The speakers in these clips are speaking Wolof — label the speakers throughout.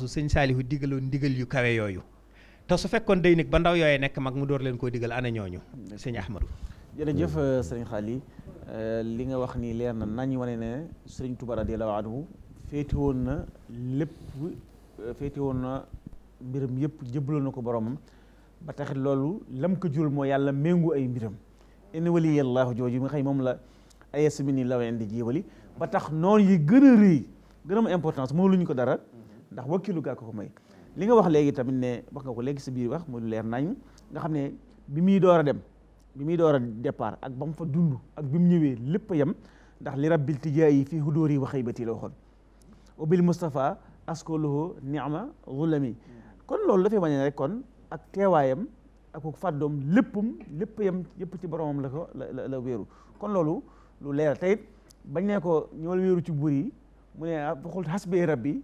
Speaker 1: su sëñ saalihu digaloon ndigal yu kawe yooyu te su fekkoon day nekk ba ndaw yooyee nekk mag mu door leen koo digal ana ñooñu sëñ Ahmadou
Speaker 2: jërëjëf sëriñ Xaali euh, li nga wax nii leer na nañ wane ne sëriñ Tuubaa radiyallaahu anhu féete woon na lépp féete woon na mbiram yëpp jëbbaloon na ko boromam ba taxit loolu lam ko jural moo yàlla méngu ay mbiram in waliyallaahu jooju nga xëy moom la ayesmini law indi jiwali ba tax noonu yi gën a rëy gën a importance moo luñ ko dara ndax wakkilu gaa ko ko may li nga wax léegi tamit ne wax nga ko léegi sa biir wax mu leer nañ nga xam ne bi muy door a dem bi muy door a départ ak ba fa dund ak bi mu ñëwee lépp a yem ndax li rabbil tijaa yi fii hudóor yi waxay bati la waxoon obil Moustapha askoluhu niama zulami kon loolu dafay wane rek kon ak teewaayam ak fàddoom léppum lépp yam yëpp ci boromam la ko la la kon loolu lu leer tey it bañ ne ko ñëwal wéeru ci buur mu ne waxul ah, xasbi rabbi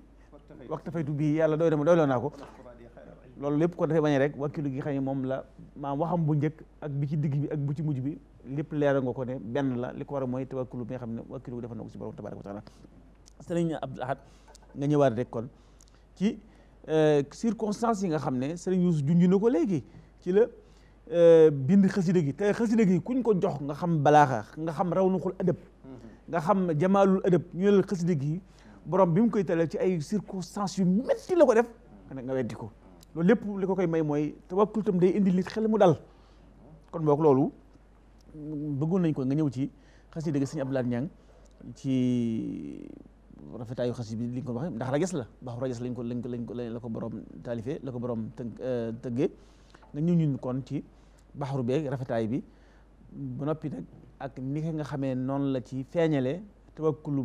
Speaker 2: waxta faytu bii yàlla doy dama doyloo naa ko loolu lépp ko dafay bañ rek wakkilu gi xam ne moom la maam waxam bu njëkk ak bi ci digg bi ak bu ci mujj bi lépp leeral nga ko ne benn la li ko war a mooy tawakkalu bi nga xam ne wakkilu gi dafa na ko si borom tabaraka wa taala sëriñ Abdul Ahad nga ñëwaat rek kon ci euh, circonstances yi nga xam ne sëriñ Yuusu junj na ko léegi ci la euh, bind xasida gi te xasida gi kuñ ko jox nga xam balaaxa nga xam raw nuxul adab nga xam jamaalul adab ñu ne la xasida gi borom bi mu koy tëral ci ay circonstances yu métti la ko def nga weddi ko loolu lépp li ko koy may mooy tawakkul tam day indi nit xel mu dal kon boog loolu bëggoon nañ ko nga ñëw ci xasida gi sëñ laat Niang ci rafetaayu xasida bi li ko waxee ndax rajas la baaxu rajas lañ ko lañ ko ko la ko borom taalifee la ko borom të euh, tëggee nga ñëw ñun kon ci baaxaru beeg rafetaay bi ba noppi nag ak ni nga xamee noonu la ci feeñale tawakkulu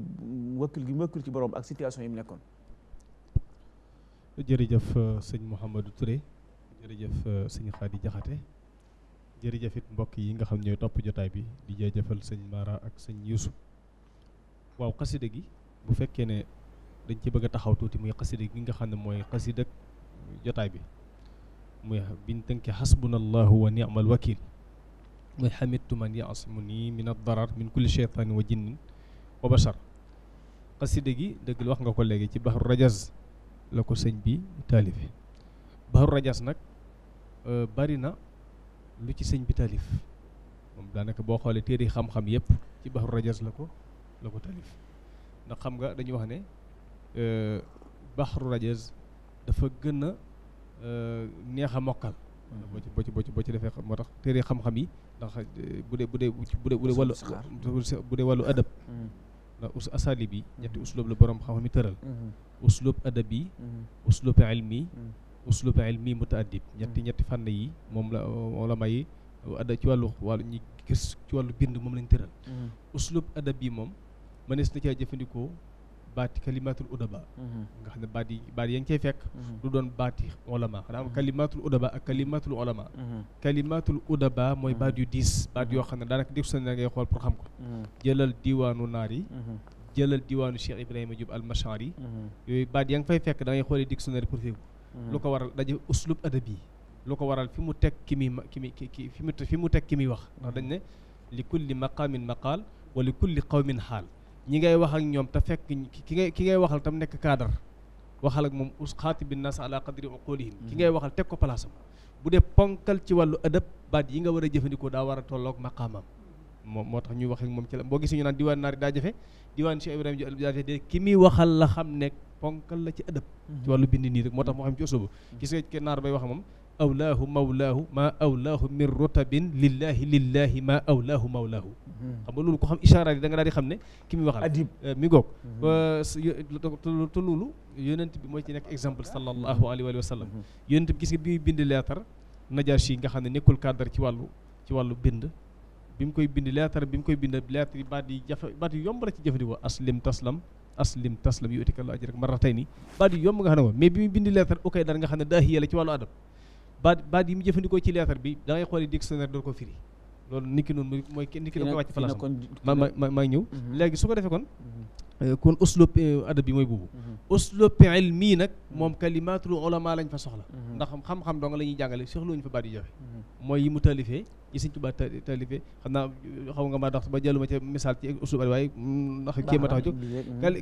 Speaker 2: wakkil gi mu wakkil ci borom ak situation yi mu nekkoon.
Speaker 3: jërëjëf euh, sëñ Mouhamadou Touré jërëjëf euh, sëñ Khady Diakhaté jërëjëf it mbokk yi nga xam ñooy topp jotaay bi di jaajëfal sëñ Mara ak sëñ Youssou waaw xasida gi bu fekkee ne dañ ci bëgg a taxaw tuuti muy xasida gi nga xam ne mooy xasida jotaay bi muy biñ tënkee xasbunallahu wa ni'mal wakil muy xamittu man yaasimu nii min ad darar min kulli cheytaani wa jinnin wa bashar xaside gi dëgg wax nga ko léegi ci baxru rajas la ko sëñ bi taalife baxru rajas nag euh, bari na lu ci sëñ bi taalif moom daanaka boo xoolee téere xam-xam yépp ci baxru rajas la ko la ko taalif ndax xam nga dañuy wax ne euh, baxru rajas dafa gën a euh, neex a mokkal mm-hmm. boo ci boo ci boo ci boo ci defee moo tax téere xam-xam yi ndax bu dee bu dee bu dee wàllu bu dee wallu adab mm-hmm. ndax us asalib yi ñetti uslub la borom xam-xam yi tëral mm-hmm. uslub adabi mm-hmm. uslub ilmi mm-hmm. uslub ilmi mutaadib ñetti ñetti fànn yi moom la moom la may uh, ada ci wàllu wàllu ñi gis ci wàllu bind moom lañ tëral uslub adab yi moom mënees na caa jëfandikoo baati kalimatul udaba mhm. nga xam ne baat yi baat yi yaa ngi cay fekk mhm. du doon baati ulama xanaa am mhm. kalimatul udaba ak kalimatul ulama kalimatul udaba mooy baat yu diis baat yoo xam ne daanaka dif sane ngay xool pour xam ko jëlal diwaanu naar yi jëlal diwaanu Cheikh Ibrahima Diop al-Mashari yooyu baat yaa ngi fay fekk da ngay xoolee dictionnaire pour féegu lu ko waral daje uslub adabi lu ko waral fi mu teg ki muy wax ndax dañ ne li kulli maqaamin maqaal wa li kulli qawmin xaal ñi ngay wax ak ñoom te fekk ki ngay ki ngay waxal tam nekk cadre waxal ak moom us xaatib nas ala qadri uqulihim ki ngay waxal teg ko place bu dee ponkal ci wàllu ëdëb baat yi nga war a jëfandikoo daa war a tollook maqaamam moom moo tax ñuy wax ak moom ci la moo gis ñu naan diwaan naari daa jafe diwaan Cheikh Ibrahima ji daa jafe de ki muy waxal la xam ne ponkal la ci ëdëb mm-hmm. ci wàllu bind nii rek moo tax moo xam ci usubu mm-hmm. gis gisee ke naar bay wax moom awlaahu mawlaahu maa awlaahu min rotabin lillahi lillahi maa awlaahu mawlaahu xam nga loolu ko xam ishaaraat yi da nga daal di xam ne ki muy waxal adib eh, mi goog hmm. te loolu yonent bi mooy ci exemple hmm. sallallahu alayhi wa sallam hmm. yonent bi gis nga bi bind leetar najaashi yi nga xam ne nekkul cadre ci wàllu bind bi mu koy bind leetar bi mu koy bind leetar yi baat yi jafe baat yi yomb la ci jëfandikoo aslim taslam aslim taslam yu utikal ajrak marratayni baat yi yomb nga xam ne mais bi muy bind leetar okay dara ne daahiya la ci wàllu baat baat yi mu jëfandikoo ci leetar bi da ngay xooli dictionnaire doo ko firi loolu nit noonu mooy nit ki da koy wàcc place ma ma ma maa ngi ñëw mhm. léegi su ko defee kon mhm. euh, kon uslub euh, adab bi mooy boobu mhm. uslub ilmi nag moom kalimaatul ulama lañ fa soxla ndax xam-xam dong la ñuy jàngale soxlawuñu fa baat yu joxe mooy yi mu taalifee yi sëñ Tuubaa taalifee xam naa euh, xaw nga maa dox ba jëluma ca misaal ci uslub waaye mm, ndax kii ma tax jóg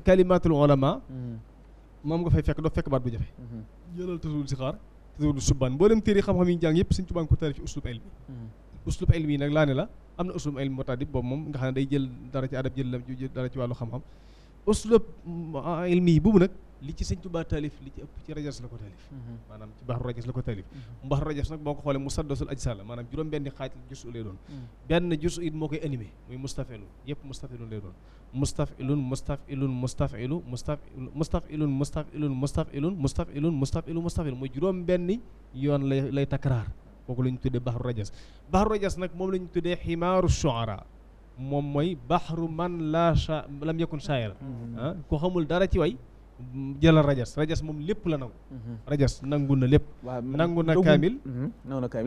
Speaker 3: kalimaatul ulama moom nga fay fekk doo fekk baat bu Zuhdu Subban mboolem téere xam-xam yi ñu jàng yëpp Sëñ ko tari ci uslub ilmi hmm. uslub ilmi nag laa ne la am na uslub ilmi mutadib boobu moom nga xam ne day jël dara ci adab jël dara ci wàllu xam-xam uslub mm, ilmi boobu nag li ci sëñ Tuubaa taalif li ci ëpp ci rajas la ko taalif mhm. maanaam ci baxru rajas la ko taalif mbaxru mhm. rajas nag boo ko xoolee musaddasul ajsa la maanaam juróom benn xaaj jus u lay doon mhm. benn jus it moo koy animé muy mustafilun yëpp mustafilun lay doon mustafilun mustafilun mustafilu mustafilu mustafilun mustafilun mustafilun mustafilun mustafilu mustafilu muy juróom benn yoon lay lay takraar kooku la ñu tuddee baxru rajas baxru rajas nag moom la ñu tuddee ximaaru shuara moom mooy baxru man la lam yakun shaayira ah, ko xamul dara ci way jëlal rajas rajas moom lépp la nangu mhm. rajas nangu na lépp mhm, nangu na kaamil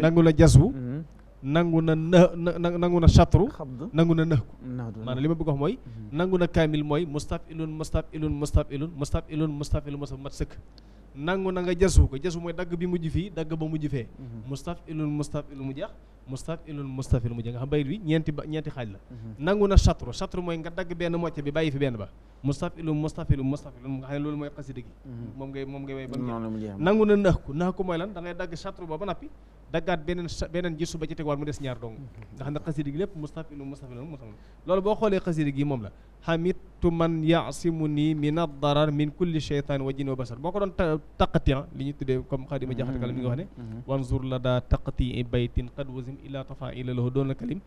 Speaker 3: nangu na jasbu mhm. nangu na na nangu na chatru nangu na nëxku maanaam li ma bëgg wax mooy nangu na kaamil mooy mustaf ilun mustaf ilun mustaf ilun mustaf ilun mustaf ilun mustaf mat sëkk nangu na nga jasbu ko ilun mustaf ilun mu jeex mustafilul mustafil mujj nga xam bayit bi ñeenti ba ñeenti xaaj la mhm. nangu na chatru chatru mooy nga dagg benn mocc bi bàyyi fi benn ba mustafilum mustafilum mustafilum nga xam ne loolu mooy xasida gi mhm. nangu na nax ku nax ku mooy lan da dagg chatru ba ba nappi daggaat beneen beneen gisu ba ci tegwaat mu des ñaar dong nga xam ne xasida gi lépp mustafilun mustafilun loolu boo xoolee xasida gi moom la xamitu man yaasimu nii min addarar min kulli cheytaan wa wa basar boo ko doon taqatian ah, li ñu tuddee comme xadima jaxatakala mi ngi wax ne mhm. wanzur la daa taqati baytin qad wasim ila tafa ila lahu doon la kalim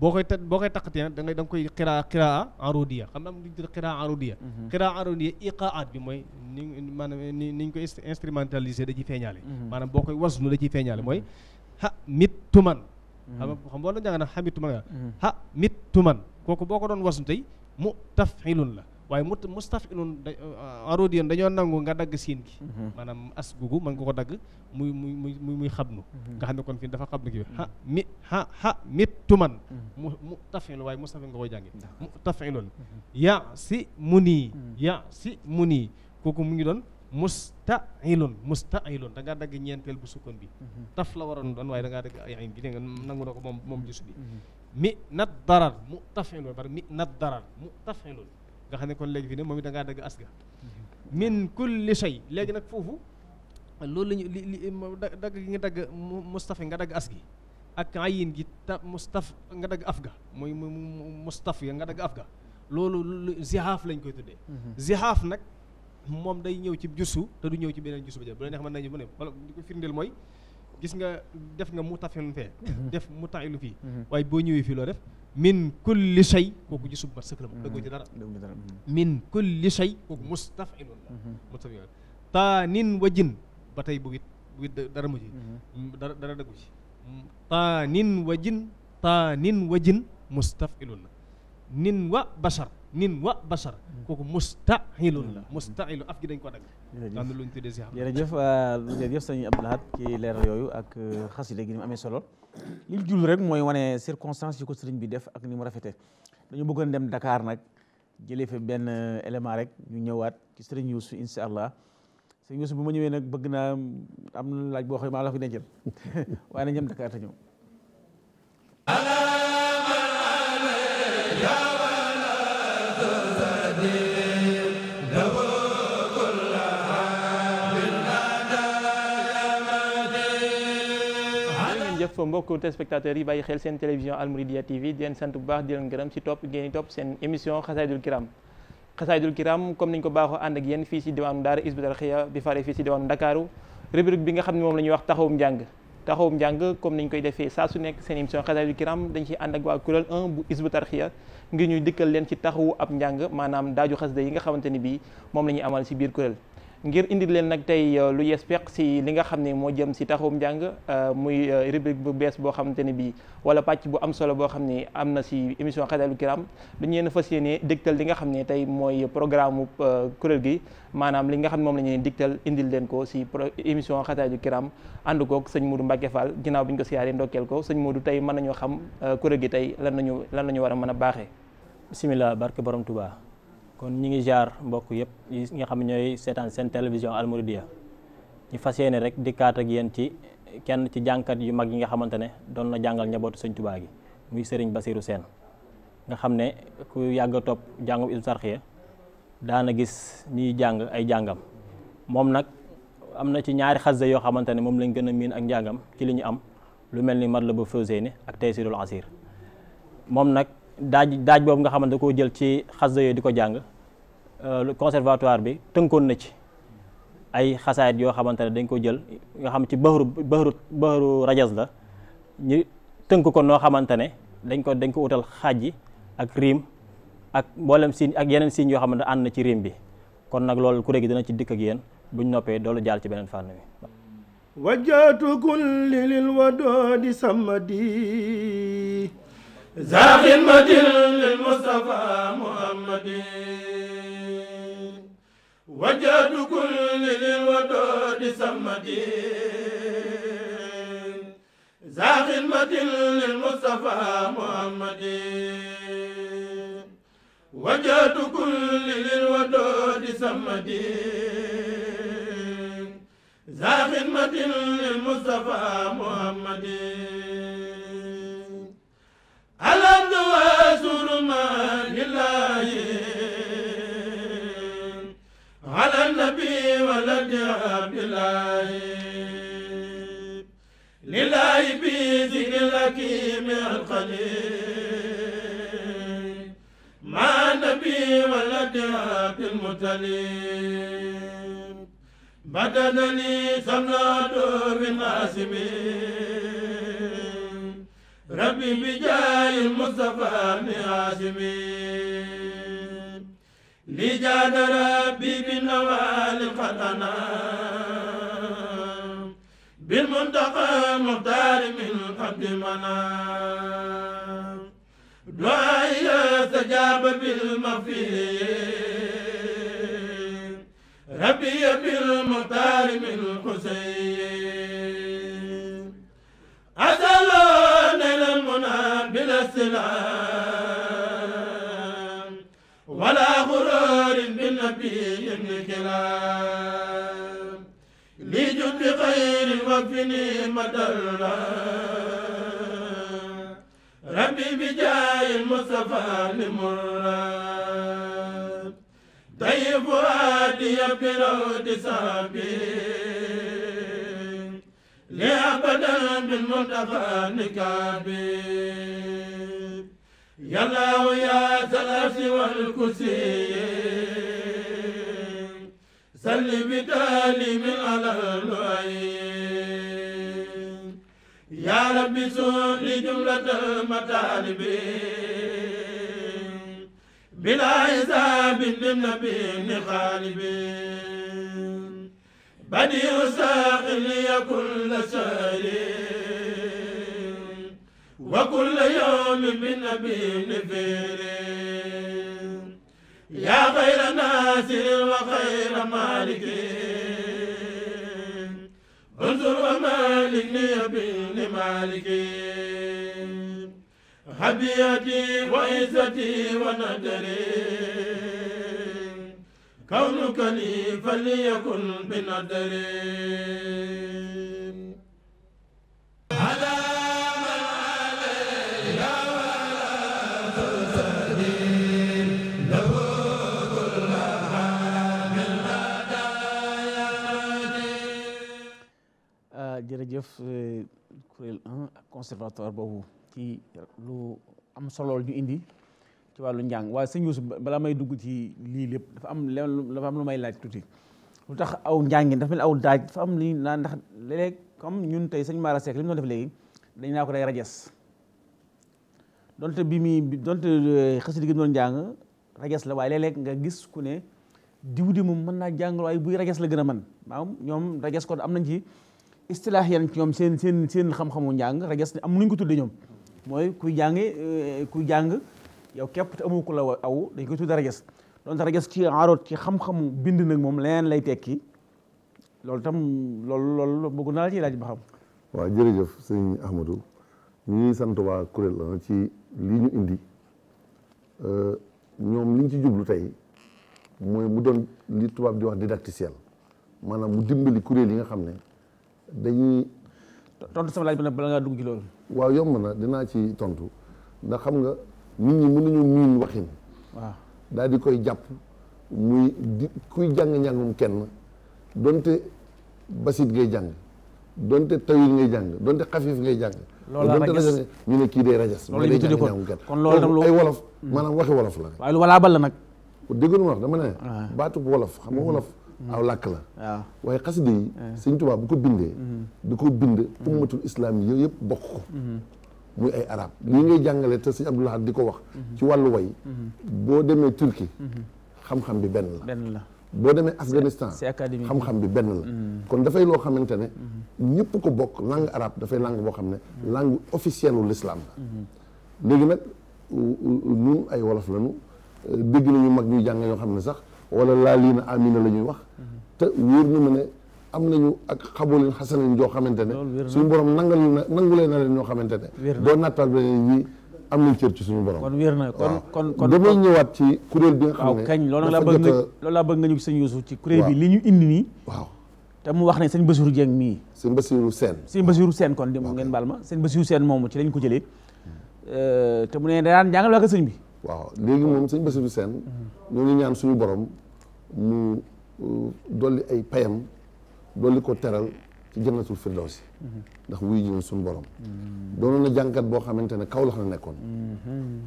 Speaker 3: boo koy ta boo koy taqatee nag da ngay da koy xiraa xiraa arudiya xam nga am lu ñu tudd xiraa arudiya xiraa mhm. arudiya iqaat bi mooy ni maanaam ni ni ñu koy instrumentalisé da ciy feeñaale mhm. maanaam boo koy wasnu da ciy feeñaale mooy mhm. ha mit tuman xam xam boo la jàng na ha mit tuman ha mit tuman kooku boo ko doon wasnu tey mu tafilun la waaye mu mustaf inun uh, arodi yoon dañoo nangu nga dagg siin gi mhm. maanaam as googu mën nga ko dagg muy muy muy muy xabnu mhm. nga xam ne kon fii dafa xabnu gi ha mhm. mi ha ha mit tuman mu mu tafil waaye mustaf nga koy jànge mu tafilun ya si munii kooku mu ngi doon mustailun mustailun da ngaa dagg ñeenteel bu sukkoon bi taf la waroon doon waaye da ngaa dagg ay ayn bi dégg nangu na ko moom moom gis bi mi nat darar mu tafilun par mi nat darar mu tafilun nga xam ne kon léegi fii ne moom it da ngaa dëgg as ga min kulli shay léegi nag foofu loolu la ñu li li dagg nga dagg mustafi nga dagg as gi ak ayin gi ta mustaf nga dagg af ga mooy mustaf ya nga dagg af ga loolu zihaaf lañ koy tuddee mhm. zihaaf nag moom day ñëw ci jusu te du ñëw ci beneen jusu ba jël bu la neex mën nañu bu ne wala di ko firndeel mooy gis nga def nga mutafin fee mhm. def mutailu fii mhm. waaye boo ñëwee fii loo def min kulli shay kooku gisub mat sëkk la moom dëggoo ci dara mhm. min kulli shay kooku mustafilun la mustafilun taanin wa jin ba tey bu wit bu wit dara mu ci mm, dara dëggu ci mm, taanin wa jin taanin wa jin mustafilun la nin wa bashar nin wa bashar kooku mustahilun la mm. mustahilu af gi dañ ko dagg am na lu ñu tuddee si xam
Speaker 2: jërëjëf euh, jërëjëf sëñ Abdou Lahad ci leeral yooyu ak euh, xasida gi ni mu amee solo li ñu jublu rek mooy wane circonstance yi ko sëriñ bi def ak ni mu rafete dañu bëggoon dem dakaar nag jëlee fi benn euh, élément rek ñu ñëwaat ci sëriñ Youssou insha allah sëriñ Youssou bu ma ñëwee nag bëgg naa am na laaj boo xam ne maa la ko fi dencal waaye nañ dem Dakar
Speaker 4: jëf mbokku téléspectateurs yi bàyyi xel seen télévision Almouridiyyah TV di leen sant bu baax di leen gërëm si topp ngeen topp seen émission xasaydul kiram kiram comme niñ ko baaxoo ànd ak yéen fii si diwaanu daara Hizbut Tarqiyyah bi fare fii si diwaanu Ndakaaru rubrique bi nga xam ne moom la ñuy wax taxawum njàng taxawum njàng comme niñ koy defee saa su nekk seen émission xasaydul kiram dañ ciy ànd ak waa kuréel 1 bu Hizbut Tarqiyyah ngir ñuy dikkal leen ci taxawu ab njàng maanaam daaju xasida yi nga xamante ni bii moom la ñuy amal si biir kuréel ngir indil leen nag tey euh, lu yees peq si li nga xam ne moo jëm si taxawum njàng euh, muy euh, rubrique bu bees boo xamante ne bii wala pàcc bu am solo boo xam ne am na si émission xadalu kiram du ñu leen fas yéene digtal li nga xam ne tey mooy programme kuréel gi maanaam li nga xam ne moom la ñuy digtal indil leen ko si émission xadalu kiram ànd koog sëñ Modou Mbacke Fall ginnaaw bi ñu ko siyaaree ndokkeel ko sëñ Modou tey mën nañoo xam kuréel gi tey lan nañu lan la ñu war a mën a baaxee. bisimilah barke borom Touba. kon ñi ngi jaar mbokk yëpp yi nga xam ne ñooy seetaan seen télévision almouridia ñi fas yéene rek dikkaat ak yéen ci kenn ci jànkat yu mag yi nga xamante ne doon na jàngal njabootu sëñ Tuubaa gi muy sëriñ Basiiru Seen nga xam ne ku yàgg a topp jàngu Hizbut Tarqiyyah daana gis ñuy jàng ay jàngam moom nag am na ci ñaari xasida yoo xamante ne moom lañ gën a miin ak njàngam ci li ñu am lu mel ni Matlabul Fawzayni ak Taysiirul Asiir moom nag daaj daaj boobu nga xamante koo jël ci xasida yooyu di ko jàng euh, conservatoire bi tënkoon na ci ay xasaayit yoo xamante ne dañ ko jël nga xam ci bahru bahru bahru rajas la ñu tënk ko noo xamante ne dañ ko dañ ko wutal xaaj yi ak riim ak mboolem siin ak yeneen siin yoo xamante ànd na ci riim bi kon nag loolu kuréel gi dina ci dikk ak bu buñ noppee doolu jaal ci beneen fànn bi
Speaker 5: wajjatu kulli lil wadoodi samadi ذا خدمة للمصطفى محمد وجاد كل للودود سمد ذا خدمة للمصطفى محمد وجاد كل للودود سمد ذا خدمة للمصطفى محمد بدنني سملا دور الناس بيه ربي بجاه المصطفى من عاشمي لجاد ربي بالنوال خطنا بالمنتقى مختار من قبل منا دعائي استجاب بالمفي ربي بالمختار من حسين أسأله ليل المنى بلا استلام ولا غرور بالنبي ابن كلام لجد خير وفني مدلنا ربي بجاي المصطفى لمراد طيب وادي برود صابي لأبدا بالمنتفى نكابي يا الله يا سلف والكسي سل بدالي من على الوعين
Speaker 6: يا ربي سن
Speaker 5: لجملة المطالب بلا حساب للنبي خالبين
Speaker 6: bani usaq
Speaker 5: liyakun la sari wa kulla yawmin bi nabiyyin firi
Speaker 6: yaa xayra naasir wa xayra maaliki
Speaker 5: unzur wa maalik liyabni maaliki habiyati wa izzati wa nadari كونك لي فليكن بنذر على
Speaker 2: euh, jërëjëf euh, kuréel 1 conservatoire boobu ci lu am solo ñu indi ci wàllu njàng waaye sëñ Yuusu balaa may dugg ci lii lépp dafa am dafa lu may laaj tuuti lu tax aw njàngin dafa mel aw daaj dafa am li naa ndax léeg-léeg comme ñun tey sëñ Mara Seck li mu doon def léegi dañ naa ko day rajas donte bi muy donte euh, xasida gi doon njàng la waaye léeg nga gis ku ne diw di moom mën naa jàngal waaye buy rajas la gën a man maanaam ñoom rajas kon am nañ ci istilaax yan ci ñoom seen seen seen xam-xamu njàng rajas am nuñ ko tuddee ñoom mooy kuy jàng euh, kuy jàng yow képp te amu ko la aw dañ koy tudd rajas doon tax rajas ci aaroot ci xam-xamu bind nag moom leneen lay tekki loolu tam loolu loolu bëgg naa la ciy laaj ba xam.
Speaker 6: waaw jërëjëf sëñ Ahmadou ñu sant waa kuréel la ah, ci lii ñu indi euh, ñoom liñ ci jublu tey mooy mu doon li tubaab di wax didacticiel maanaam mu dimbali kuréel yi nga xam ne dañuy.
Speaker 2: tontu sama laaj bi nag bala ngaa dugg ci loolu.
Speaker 6: waaw yomb na dinaa ci tontu ndax xam nga. nit ñi mënuñu miin waxin. daal di koy jàpp muy di kuy jàng njàngum kenn donte basit ngay jàng donte tawil ngay jàng donte xafiif ngay jàng. loolaa rajas ñu ne kii rajas. loolu la ñu tuddee kon kon loolu tam ay wolof. Hmm. maanaam waxi wolof la. waaye lu walaa bal nag. déggu ma wax dama ne. Ah. baatu wolof xam nga hmm. wolof. Hmm. aw làkk la. waaye xasida yi. Eh. sëñ Tuubaa bu ko bindee. du ko bind ummatul islam yooyu yëpp bokk ko. muy ay arab li ñuy jàngale te sëñ Abdoul di ko wax ci wàllu way boo demee Turquie xam-xam bi benn la benn la boo demee Afghanistan xam-xam bi benn la mm. kon dafay loo xamante ne mm-hmm. ñëpp ko bokk langue arabe dafay langue boo xam ne mm-hmm. langue officielle u l'islam la
Speaker 7: mm-hmm.
Speaker 6: léegi nag ñun ay wolof lañu dégg nañu mag ñuy jàng yoo xam ne sax wala laa lii na amina la ñuy wax te wóor na ma am nañu ak xaboolin xasanañ joo xamante ne suñu borom nangal na nangulee na leen ñoo xamante ne doo nattal beneen yi am nañ cër ci suñu borom kon
Speaker 2: wér na kon kon kon damay ñëwaat
Speaker 6: ci kuréel bi nga xam ne kañ loolu laa bëgg nga
Speaker 2: loolu laa bëgg ñu sëñ Youssou ci kuréel bi li ñu indi nii waaw te mu wax ne sëñ
Speaker 6: Bassirou Dieng mii sëñ Bassirou Sène
Speaker 2: sëñ Bassirou Sène kon di ngeen baal ma sëñ Bassirou Sène moomu ci lañ ko jëlee euh, te mu ne daan jàngal waa sëñ bi
Speaker 6: waaw léegi moom sañ Bassirou Sène hmm. ñoo ngi ñaan suñu borom euh, ay payam dolli ko teral ci jannatul firdawsi ndax wuy ji na suñu borom doonoon na jànkat boo xamante ne kaw lax na nekkoon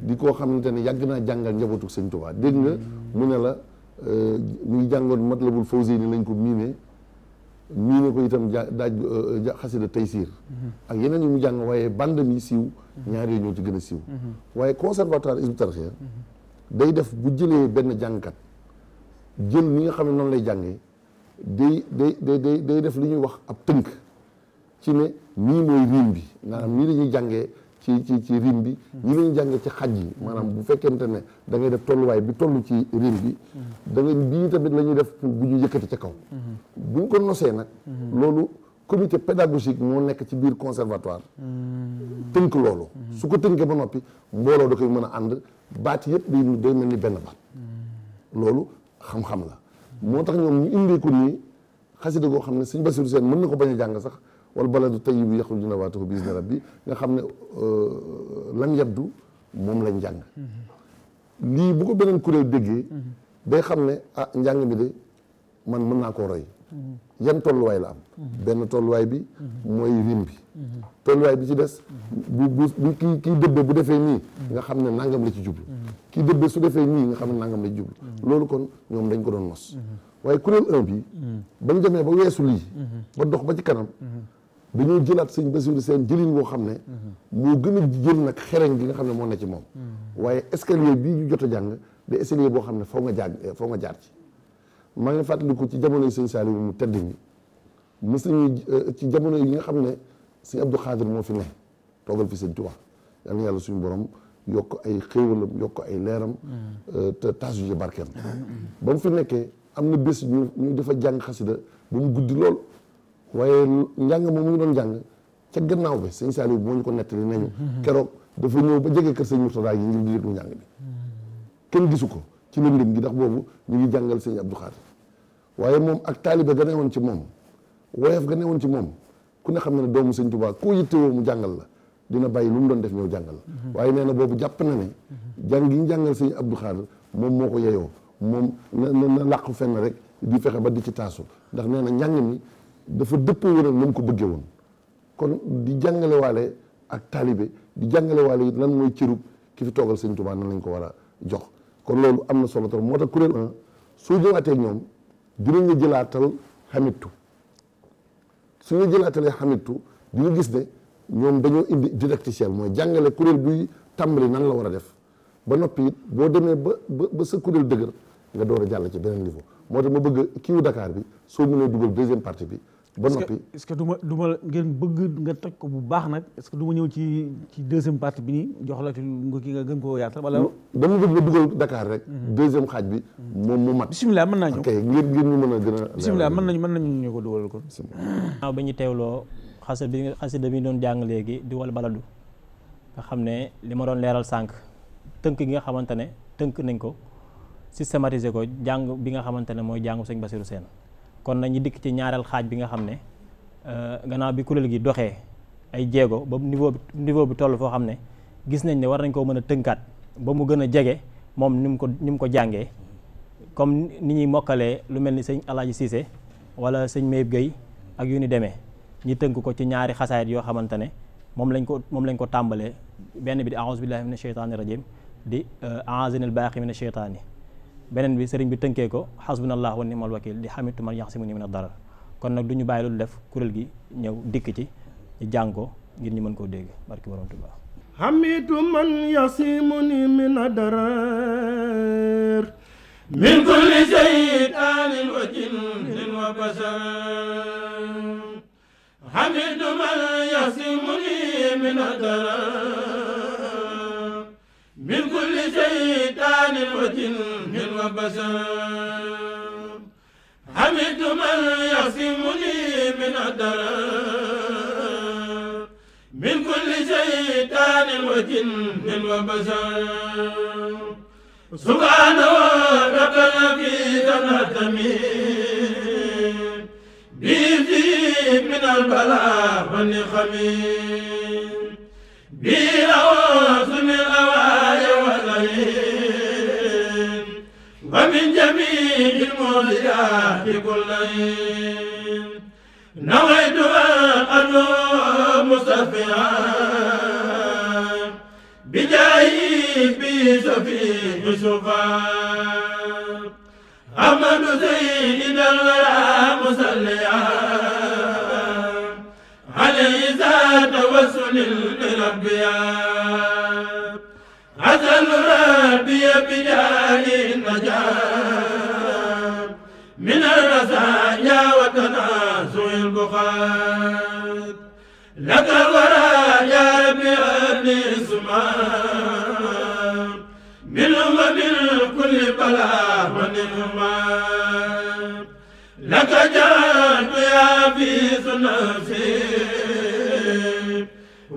Speaker 6: di koo xamante ne yàgg naa jàngal njabootu sëñ Tuubaa dégg nga mu ne la euh, mu ngi jàngoon Matlabul Fawzayni lañ ko miine miine ko itam ja daaj euh, xasida Taysiir ak yeneen yu mu jàng waaye bandam yi siiw ñaar yooyu ñoo ci gën a siiw waaye conservatoire Hizbut Tarqiyyah day def bu jëlee benn jàngkat jël ni nga xam ne noonu lay jànge day day day def lu ñuy wax ab tënk ci ne nii mooy rim bi maanaam nii la ñuy jàngee ci ci ci rim bi nii la jàngee ci xaj yi maanaam bu fekkente ne dangay def tolluwaay bi toll ci rim bi da nga bii tamit la ñuy def bu ñu yëkkati ca kaw buñ ko nosee nag loolu comité pédagogique moo nekk ci biir conservatoire tënk loolu su ko tënkee ba noppi mbooloo da koy mën a ànd baat yëpp day day mel ni benn baat loolu xam-xam la moo tax ñoom ñu indee ko nii xasida koo xam ne sëñ Basiru Seen mën na ko bañ a jàng sax wal baladu tayyibu yaxruju nabaatuhu bi izni bi nga xam ne euh, lam yaddu moom lañ jàng lii bu ko beneen kuréel déggee mm-hmm. day xam ne ah njàng mi de man mën naa koo roy yan tolluwaay la am benn tolluwaay bi mooy rim bi tolluwaay bi ci des bu bu kii ki dëbbe bu defee nii nga xam ne nangam la ci jublu kii dëbbe su defee nii nga xam ne nangam la ci jublu loolu kon ñoom dañ ko doon nos waaye kuréel 1 bi ba ñu ba weesu lii ba dox ba ci kanam dañoo jëlaat sëñ Basiru seen jëlin boo xam ne moo gën a jël nag xereñ gi nga xam ne moo ne ci moom waaye escalier bii ñu jot a jàng de escalier boo xam ne foo nga jàng foo nga jaar maa ngi fàttaliku ci jamono yi sëñ Saliou mu tedd ñi mës nañu eh, ci jamono yi nga xam ne sëñ Abdou Khadir moo fi ne toogal fi sëñ Tuubaa yal na yàlla suñu borom yokk ay xéewalam yokk ay leeram mm. eh, te taasu ci barkeem mm, mm. ba mu fi nekkee am na bés ñu ñu dafa jàng xasida ba mu guddi lool waaye njàng moom mu ñu doon jàng ca gannaaw bi sëñ Saliou moo ñu ko nettali nañu mm-hmm. keroog dafa ñëw ba jege kër sëñ Mourtada yi ngir di déglu njàng bi kenn gisu ko ci lëndëm gi ndax boobu ñu ngi jàngal sëñ Abdou Khadre waaye moom ak taalibe ga newoon ci moom woyof ga newoon ci moom ku ne xam ne ne doomu sëñ Tuubaa koo yittewoo mu jàngal la dina bàyyi lu mu doon def ñëw jàngal la mhm. waaye nee na boobu jàpp na ne jàng gi ñu jàngal sëñ Abdou Khadre moom moo ko yeyoo moom na na làqu fenn rek di fexe ba di ci taasu ndax nee na njàng mi dafa dëppoo woon ak ko bëggee woon kon di jàngale waale ak taalibe di jàngale waale it lan mooy cërub ki fi toogal sëñ Tuubaa nan lañ ko war a jox kon loolu am na solo trop moo tax kuréel un soo ñëwaatee ñoom dinañ jëlaatal xamitu su ñu jëlaatalee xamitu di ñu gis ne ñoom dañoo indi didacticiel mooy jàngale kuréel buy tàmbali nan la war a def ba noppi boo demee ba ba ba sa kuréel dëgër nga door a jàll ci beneen niveau moo tax ma bëgg kiiwu dakaar bi soo mënee dugal deuxième partie bi ba noppi
Speaker 2: est-ce que du ma du ma ngeen bëgg nga toj ko bu baax nag est-ce que du ma ñëw ci ci deuxième partie bi nii jox la ti nga kii nga gën koo yaatal wala. dama bëgg nga dugal
Speaker 6: Dakar rek. Mhm. deuxième xaaj bi moom mu mat. bisimilah mën naa ñëw ok ngir ngir ñu mën a gën a. bisimilah mën
Speaker 4: nañu mën nañu ko dugalal kon. ba ñu teewloo xasida bi xasida bi ñu doon jàng léegi di wal baladu nga xam ne li ma doon leeral sànq tënk gi nga xamante ne tënk nañ ko systématiser ko jàng bi nga xamante ne mooy jàngu sëñ Basiru Seen kon nañu dikk ci ñaareel xaaj bi nga xam ne euh, gannaaw bi kuréel gi doxee ay jéego ba niveau bi niveau bi toll foo xam ne gis nañ ne war nañ koo mën a tënkaat ba mu gën a jege moom ni mu ko ni ko jàngee comme ni ñuy mokkalee lu mel ni sëñ Alaaji Cissé wala sëñ Mayib Gueye ak yu ni demee ñi tënk ko ci ñaari xasaayit yoo xamante ne moom lañ ko moom lañ ko tàmbalee benn bi di aouzu billahi mina sheytaani rajim di euh, aazina al baaqi mina sheytaani beneen bi sëriñ bi tënkee ko xasbunallah wa nimal wakil di xamitu man yaxsimuni min ad-darar kon nag du ñu bàyyi lu def kuréel gi ñëw dikk ci ñu jàng ko ngir ñu mën koo dégg
Speaker 5: xamitu man yaxsimuni min ad min kulli darar من كل شيطان وجن من وبشر حمد من يعصمني من الضرر من كل شيطان وجن وبشر سبحانه رب الذي تنهتمي بيدي من البلاء والنخم بي أوصم الأوان الرحيم ومن جميع المرجعات كلهم نويت أن أدعو مصطفى بجاهي بسفيه سفا أمد سيد الورى مصليا عليه ذات توسل لربيا عسى ربي بجاه النجاة من الرزايا وتناسوا البخات لك الورى يا ربي أبني سمان منهم ومن كل بلاء ونهما
Speaker 6: لك جاد
Speaker 5: يا في نفسي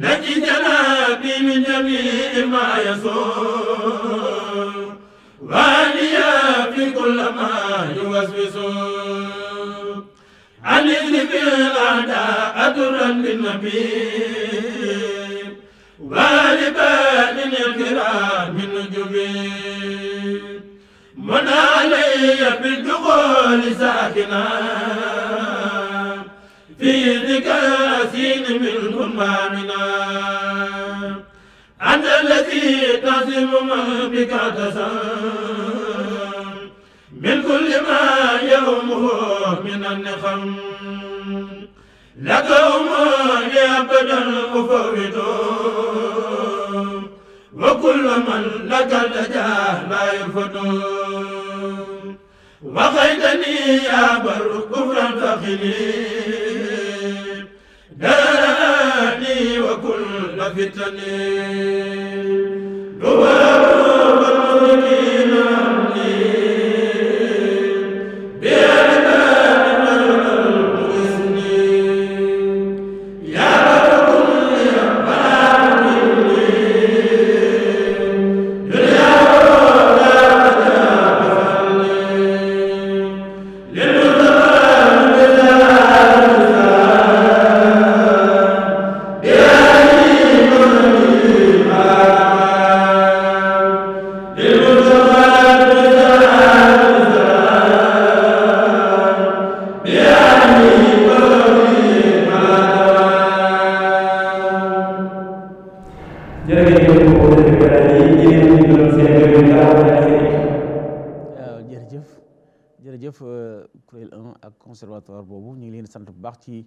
Speaker 5: لك جنابي من جميع ما يسوء والي في كل ما يوسوس
Speaker 6: عن اذنب الاعداء
Speaker 5: ادرا للنبي ولبال الكرام من نجومي من علي بالدخول ساكنا في ذكاسين منهم آمنا أنت الذي تعزم ما بك تسام من كل ما يومه من النخم لك أمري أبدا أفوتهم وكل من لك النجاح لا يرفضهم وخيتني يا بر كفرا فخلي داني وكل فتني
Speaker 2: sant bu baax ci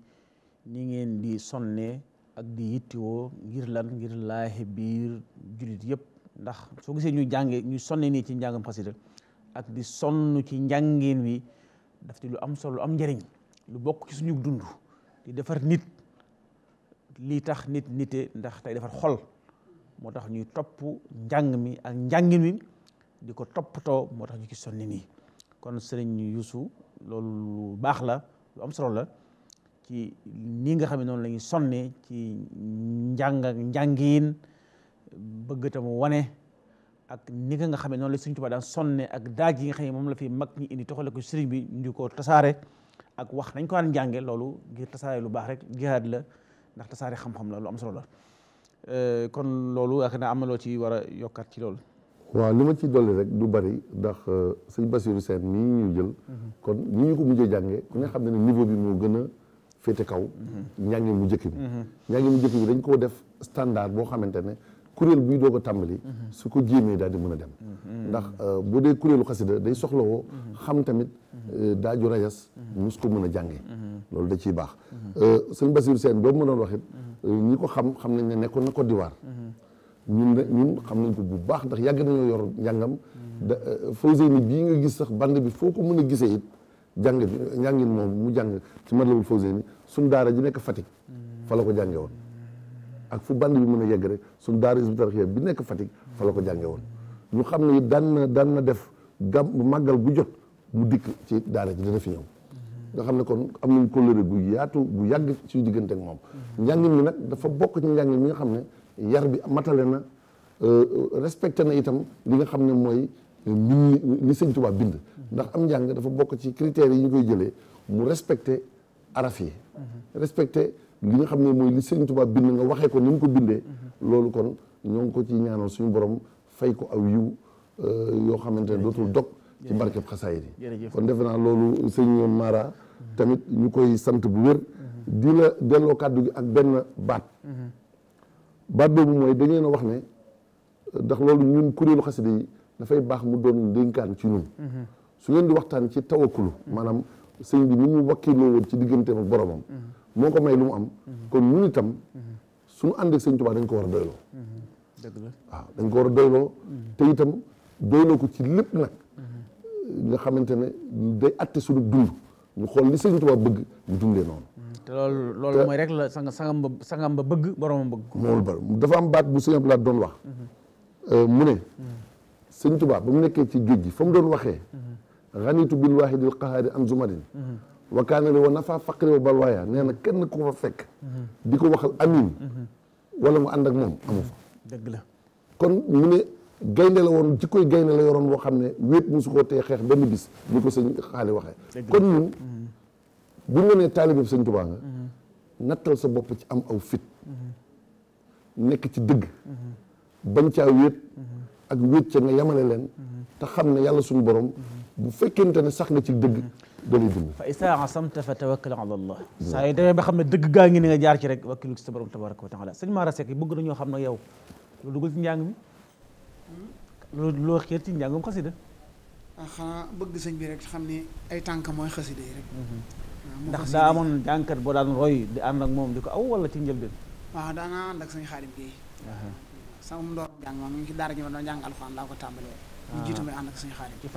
Speaker 2: ni ngeen di sonnee ak di yittewoo ngir lan ngir laaxe biir jullit yëpp ndax soo gisee ñu jànge ñu sonne nii ci njàngam xasida ak di sonn ci njàngeen wi daf di lu am solo lu am njëriñ lu bokk ci suñu dund di defar nit lii tax nit nite ndax tey defar xol moo tax ñuy topp njàng mi ak njàngin wi di ko toppatoo moo tax ñu ci sonni nii kon Yuusu loolu baax la lu am solo la ci nii nga xam ne noonu la ñuy sonnee ci njàng ak njàngiin bëgg tam wane ak ni nga nga xam ne noonu la Sëriñ Tuubaa daan sonne ak daaj yi nga xam ne moom la fi mag ñi indi toxale ko sëriñ bi ndi tasaare ak wax nañ ko daan njànge loolu ngir tasaare lu baax rek jihaad la ndax tasaare xam-xam la lu am solo la euh, kon loolu yaakaar naa am na loo ci war a yokkaat ci lool
Speaker 6: waaw li ma ci dolli rek du bari ndax euh, suñ Bassirou Sène mii ñu jël kon ñi ñu ko mujjee jàngee ku ne xam ne ne niveau bi moo gën a féete kaw njàngi mu njëkk bi njàngi mu njëkk bi dañ koo def standard boo xamante ne kuréel bi doog ko tàmbali su ko jéemee daal di mën a dem ndax euh, bu dee kuréelu xasida day soxlawoo xam tamit euh, daaju rajas mus ko mën a jànge loolu da ciy baax sëñ Bassirou Sène boobu ma doon wax ñi ko xam xam nañ ne nekkoon na Côte d'Ivoire ñun de xam nañ ko bu baax ndax yàgg nañoo yor njàngam da euh, fausé ni bii nga gis sax bande bi foo ko mën gisee it jàng bi njàngin moom mu jàng ci Matlabul Fawzayni suñ daara ji nekk Fatick fa ko jànge woon ak fu bande bi mën a yegg rek suñ daara Hizbut bi nekk Fatick fa la ko jànge woon ñu xam ne daan na na def gam màggal gu jot mu dikk ci daara ji dana fi ñëw nga xam ne kon am nañ kóllëre gu yaatu gu yàgg ci diggante ak moom njàngin mi nag dafa bokk ci njàngin mi nga xam ne yar bi matale na euh, euh, respecté na itam li nga xam ne mooy mbind li sëñ Tuubaa bind ndax am njàng dafa bokk ci critères yi ñu koy jëlee mu respecté araf yi respecté li nga xam ne mooy li sëñ Tuubaa bind nga waxee ko ni mu ko bindee loolu kon ñoo ngi ko ci ñaanal suñu borom fay ko aw yiw euh, yoo xamante ne dootul dog ci barkeb xasaayid yi kon defe naa loolu sëñ Mara tamit ñu koy sant bu wér mm-hmm. di la delloo kàddu gi ak benn baat mm-hmm. baat boobu mooy da ngeen a wax ne ndax loolu ñun kuréelu xasida yi dafay baax mu doon dénkaan ci ñun su ngeen di waxtaan ci tawakkulu maanaam sëñ bi ni mu wakkiloo woon ci diggante ak boromam moo ko may lu mu am kon ñun itam su ànd àndee sëñ Tuubaa dañ ko war a doyloo
Speaker 7: dëgg la waaw
Speaker 6: dañ ko war a doyloo te itam doyloo ko ci lépp nag nga xamante ne day atte suñu dund ñu xool li sëñ Tuubaa bëgg ñu dundee noonu
Speaker 2: te loolu loolu mooy rek la sang sangam ba sangam ba bëgg boromam bëgg.
Speaker 6: moom la dafa am baat bu sëñ Abdou Lahad doon wax. Euh, mu ne. sëñ Tuubaa ba mu nekkee ci géej gi fa mu doon waxee. xanitu bil waahidil qahaari an zumarin wa kaana li wa na kenn ku fa di ko waxal amin wala mu ànd ak moom amu fa. dëgg la kon mu ne gaynde la woon jikkoy gaynde la yoroon boo xam ne wéet musu koo tee xeex benn bis. ni ko sëñ xaali waxee.
Speaker 2: kon ñun.
Speaker 7: Mm-hmm.
Speaker 6: bu ñu la nee taalibe bi sëñ Tuubaa nga mm-hmm. nattal sa bopp ci am aw fit mm-hmm. nekk ci dëgg mm-hmm. bañ caa wéet ak wéet ca nga yamale leen te xam ne yàlla suñu borom bu fekkente ne sax nga ci dëgg dalay dund fa
Speaker 2: isa asamta fa tawakkal ala allah saa yi demee ba xam ne dëgg gaa ngi ne nga jaar ci rek wakkilu ci sa borom tabaraka wa taala sëñ Mara Seck bëgg nañoo xam ne yow lu dugal ci njàng mi loolu hmm? loo xeer ci njàngum xasida
Speaker 8: ah xanaa bëgg sëñ bi rek xam ne ay tànk mooy xasida yi ndax daa amoon
Speaker 2: jànkat boo daan roy di ànd ak moom di ko aw wala ci njëlbeen.
Speaker 8: waaw daanaa ànd ak sëñ Xaadim Géey sama mu door jàng moom mu ngi ci daara ji ma doon jàng alxuraan laa ko tàmbalee ñu ah. ak sëñ Xaadim ci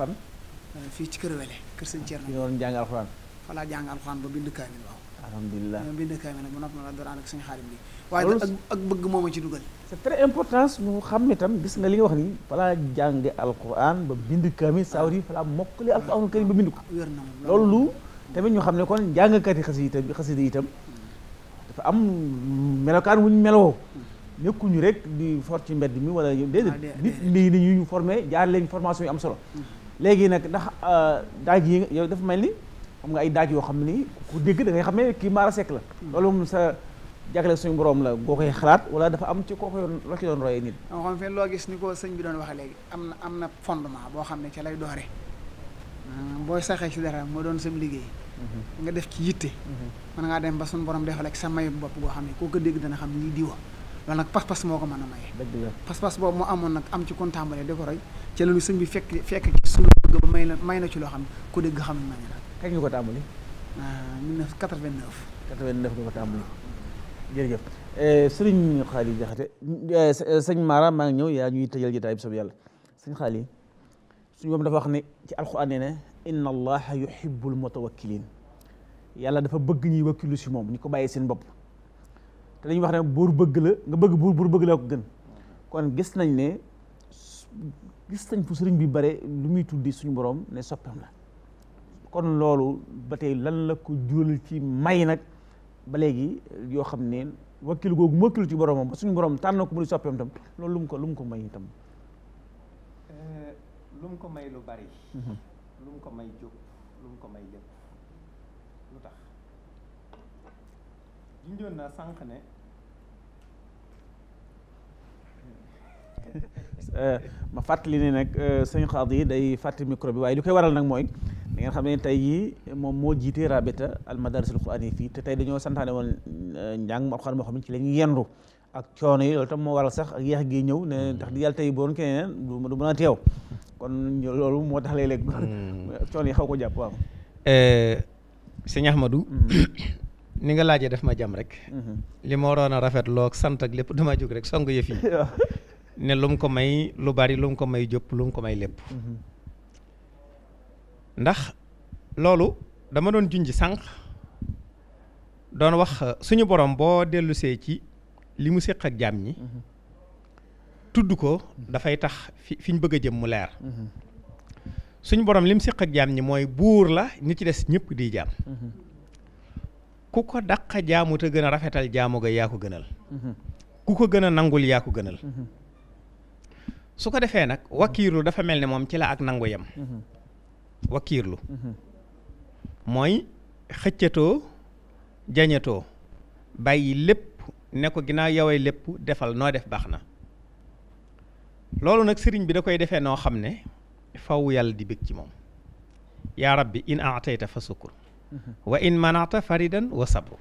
Speaker 8: eh, fii ci kër Wele kër sëñ Thierno ñu doon jàng alxuraan fa laa jàng alxuraan ba bind kaamil waaw
Speaker 2: alhamdulilah
Speaker 3: ma
Speaker 8: bind kaamil nag ba waaye ak bëgg moom a ci dugal
Speaker 2: c'est très important ñu xam itam gis nga li nga wax ni falaa jàng alxuraan ba bind kaamil saawar yi falaa mokkali alxuraan karim ba bind ko ah, loolu tamit ñu xam ne kon jàngkati xasida bi xasida itam dafa am melokaan wuñ meloo nekkuñu rek di for ci mbedd mi wala déedéet ah, nit mbii ni ñu forme jaar leen formation yi am solo léegi nag ndax ah, daaj yi yow dafa mel ni xam nga ay daaj yoo xam ni ku dégg da ngay xam ne kii Mara Seck la hmm. loolu moom sa jagle suñu borom la boo koy xalaat wala dafa am ci koo ko ci doon royee nit
Speaker 8: am loo gis ni ko sëñ bi doon waxe léegi am na am na fondement boo xam ne ca lay doore hmm, booy saxee ci dara mooy doon sam liggéey nga def ci yitte. Mm-hmm. mën ngaa dem ba suñu borom defal ak sa mayu bopp goo xam ne koo ko dégg dana xam lii diwa loolu nag pas-pas moo ko mën a maye. dëgg la pas-pas boobu moo may na ci loo xam ne dégg xam nañu la. kañ ñu ko tàmbali. ah 1989.
Speaker 2: 89 nga ko eh, sëriñ Xaali Jaxate eh, sëñ Mara maa ngi ñëw yaa ñuy tëjal jotaay bi sob yàlla sëñ Xaali suñu borom wax ne ci alxuraan ne. inna allaha yuhibbul mutawakkilin yàlla dafa bëgg ñuy wakkilu si moom ñu ko bàyyi seen bopp te dañuy wax ne buur bëgg la nga bëgg buur buur bëgg la ko gën kon gis nañ ne gis nañ fu sëriñ bi bare lu muy tuddi suñu borom ne soppam la kon loolu ba tey lan la ko jural ci may nag ba léegi yoo xam ne wakkilu googu mu wakkilu ci boromam ba suñu borom tànn ko mu di soppam tam loolu lu ko lu ko may itam
Speaker 1: euh, lu mu ko bari mhm. lu ko may jóg lu ko may yëg lu tax junjoon naa sànq ne
Speaker 2: eh, ma fàttali ne nag eh, sëñ xaad yi day fàttali micro bi waaye li koy waral nag mooy da xam ne tey jii moom moo jiite rabita al madarisul quraan fii te tey dañoo santaane woon eh, njàng mu alxuraan xam ne ci la ñuy yendu ak coono yi loolu tam moo waral sax ak yeex gi ñëw ne ndax di yàlla tey boon keneen du mën a teew kon loolu moo tax
Speaker 1: léeg-léeg hmm. coono yi xaw ko jàpp waaw eh, sëñ Ahmadou hmm. ni nga laajee def ma jam rek hmm. li ma waroon a rafet loog sant ak lépp dama jóg rek song yëf yi ne lu ko may lu bari lu ko may jópp lum ko may lépp ndax loolu dama doon junj sànq doon wax uh, suñu borom boo dellusee ci li mu séq ak jaam ñi tudd ko dafay tax fi fi ñu bëgg a jëm mu leer mm-hmm. suñu borom lim siq ak jaam ñi mooy buur la ñi ci des ñëpp di jaam mm-hmm. ku ko daq jaamu a gën a rafetal jaamu ga yaa ko gënal mm-hmm. ku ko gën a nangul yaa ko gënal su ko defee nag wakiirlu dafa mel ni moom ci la ak nangu yem wakiirlu mooy xëccatoo jañatoo bàyyi lépp ne ko ginnaaw yowee lépp defal noo def baax na loolu nag sëriñ bi da koy defee noo xam ne faw yàlla di bëgg ci moom yaa rabbi in aatayta fa sukur wa in manaata faridan wa sabru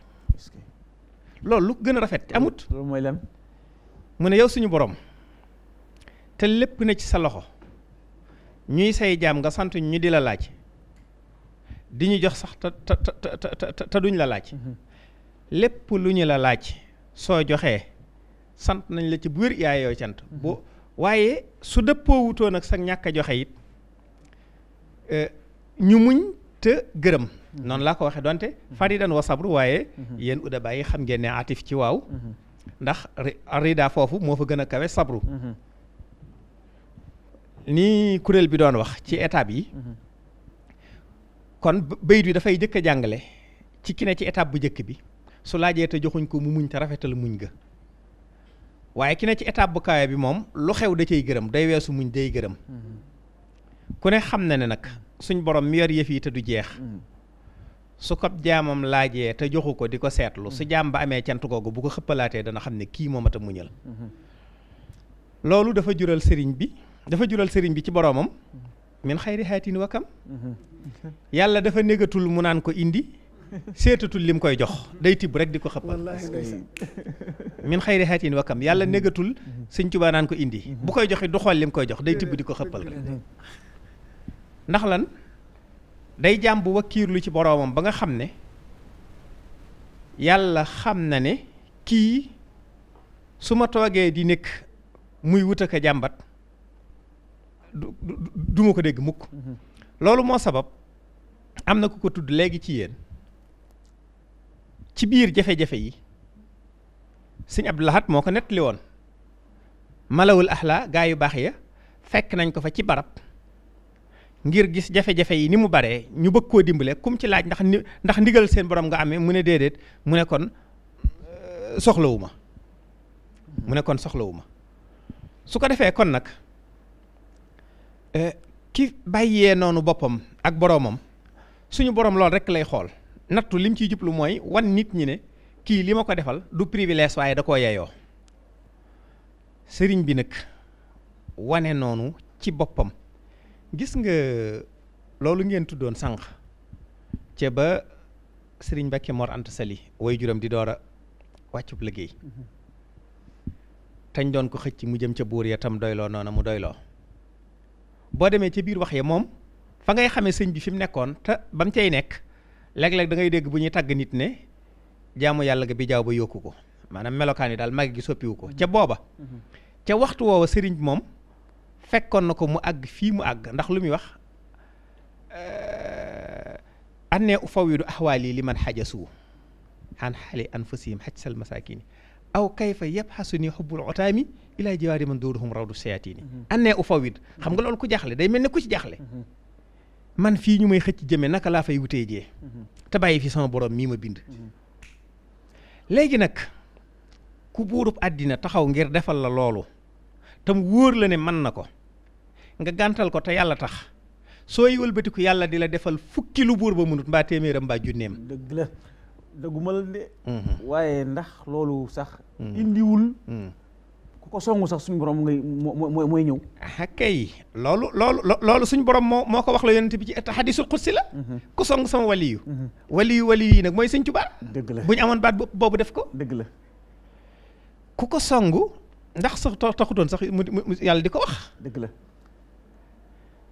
Speaker 1: loolu lu gën a rafet amut loolu mooy lan mu ne yow suñu borom te lépp na ci sa loxo ñuy say jaam nga sant ñu di la laaj di ñu jox sax te te te te duñ la laaj mm-hmm. lépp lu ñu la laaj soo joxee sant nañ la ci bu wér yaay yooyu cant mm-hmm. boo waaye su dëppoo wutoon ak sa ñàkk a joxe it euh, ñu muñ te gërëm. Mhm. noonu laa ko waxee donte mhm. faridan wa sabru waaye. Mhm. yéen udaba bàyyi xam ngeen ne atif ci waaw. ndax rida foofu moo fa gën a kawe sabru. ni kuréel bi doon wax ci étape yi. kon bayit bi dafay jëkk a jàngale ci ki ne ci étape bu njëkk bi su laajee te joxuñ ko mu muñ te rafetal muñ ga waaye ki ne ci étape bu bi moom lu xew da cey gërëm day weesu muñ day gërëm mm-hmm. ku ne xam na ne nag suñ borom mi yor yëf te du jeex mm-hmm. su ko jaamam laajee te joxu ko di ko seetlu su mm-hmm. jaam ba amee cant googu bu ko xëppalaatee dana xam ne kii moom a ta muñal loolu dafa jural sëriñ bi dafa jural sëriñ bi ci boromam min xayri haatin wakam yàlla dafa négatul mu naan ko indi seetatul mu koy jox day tibb rek di ko xëppal min xayri hatin wa yàlla mm-hmm. négatul mm-hmm. sëñ Tuubaa naan ko indi mm-hmm. bu koy joxe du xool mu koy jox day tibb di ko xëppal ndax lan day jàmm bu wakkiirlu ci boroomam ba nga xam ne yàlla xam na ne kii su ma toogee di nekk muy wut ak a jàmbat du du ma ko dégg mukk loolu moo sabab am na ku ko tudd léegi ci yéen ci biir jafe-jafe yi sëñ ab Lahad moo ko nettali woon malawul axla gaa yu baax ya fekk nañ ko fa ci barab ngir gis jafe-jafe yi ni mu baree ñu bëgg koo dimbale kum ci laaj ndax ni ndax ndigal seen borom nga amee mu ne déedéet mu ne kon euh, soxlawu ma mu ne kon soxlawu ma su ko defee kon nag euh, ki bàyyee noonu boppam ak boroomam suñu borom lool rekk lay xool nattu lim ciy jublu mooy wan nit ñi ne kii li ma ko defal du privilège waaye da koo yeyoo sëriñ bi nag wane noonu ci boppam gis nga loolu ngeen tuddoon sànq ce ba sëriñ Mbacke Mor Anta Sali way juram di doora a wàccub liggéey tañ doon ko xëcc mu jëm ca buur ya tam doyloo noona mu doyloo boo demee ca biir wax ya moom fa ngay xame sëñ bi fi mu nekkoon te ba mu cay nekk léeg-léeg da ngay dégg bu ñuy tàgg nit ne jaamu yàlla ga bi jaaw ba yokku ko maanaam melokaan yi daal mag gi soppiwu ko ca booba ca waxtu woowa sëriñ moom fekkoon na ko mu àgg fii mu àgg ndax lu muy wax annee ufawidu axwaali li man xaja xajasuu an xali anfusihim xajsal masaakini aw kayfa yabxasu ni xubbul otaami ilaa jiwaari man dooruhum rawdu sayaatini mm-hmm. annee ufawid xam nga loolu ku jaxle day mel ni ku ci jaxle mm-hmm. man fii ñu may xëcc jëme naka laa fay wutee jee mhm. te bàyyi fi sama borom mii ma bind mhm. léegi nag ku buurub àddina taxaw ngir defal la loolu tam wóor la ne mën na ko nga gàntal ko te yàlla tax soo yi wëlbatiku yàlla di la defal fukki lu buur ba mënut mbaa téeméeram mbaa junneem dëgg la
Speaker 2: dëgguma de
Speaker 1: mhm. waaye ndax loolu sax indiwul ku ko songu sax suñu borom ngay mooy mooy ñëw. kay loolu loolu loolu suñu borom moo moo ko wax la yonent bi ci eta hadisul qudsi la. Mhm. ku song sama waliyu. Mhm. waliyu waliyu yi nag mooy Sëñ Tuubaa. dëgg la bu ñu amoon baat boobu def ko. dëgg ku ko songu ndax sax taxutoon sax mu yàlla di ko wax. dëgg la.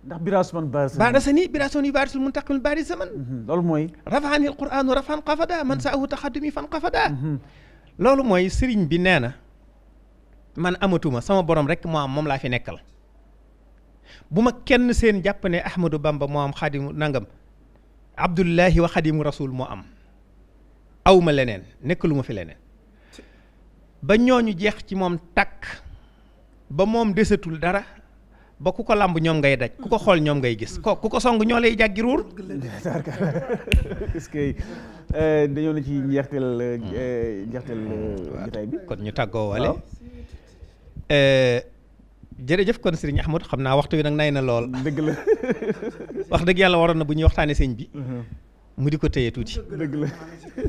Speaker 1: ndax biraasuman baarisan baarisan yi biraasuman yu baarisul muntaqimul sa man mhm. loolu mooy rafaanil quraanu rafaan qafadaa man saahu taxadumi fan qafadaa loolu mooy sëriñ bi nee na man amatuma sama boroom rek moo am moom laa fi nekkal bu ma kenn seen jàpp ne Ahmadou Bamba moo am xadimu nangam Abdullahi wa xadimu rasul moo am awma leneen nekkaluma fi leneen ba ñu jeex ci moom takk ba moom desatul dara ba ku ko làmb ñoom ngay daj ku ko xool ñoom ngay gis ko ku ko song ñoo lay jàggi ruur ce que euh, dañoo la ci njeexteel euh, njeexteel euh, bi kon ñu tàggoo wale Euh, jërëjëf kon sëriñ Ahmad xam naa waxtu wi nag nay na lool. dëgg la. wax dëgg yàlla waroon na bu ñuy waxtaanee sëñ bi. Mhm. mu di ko téye tuuti. dëgg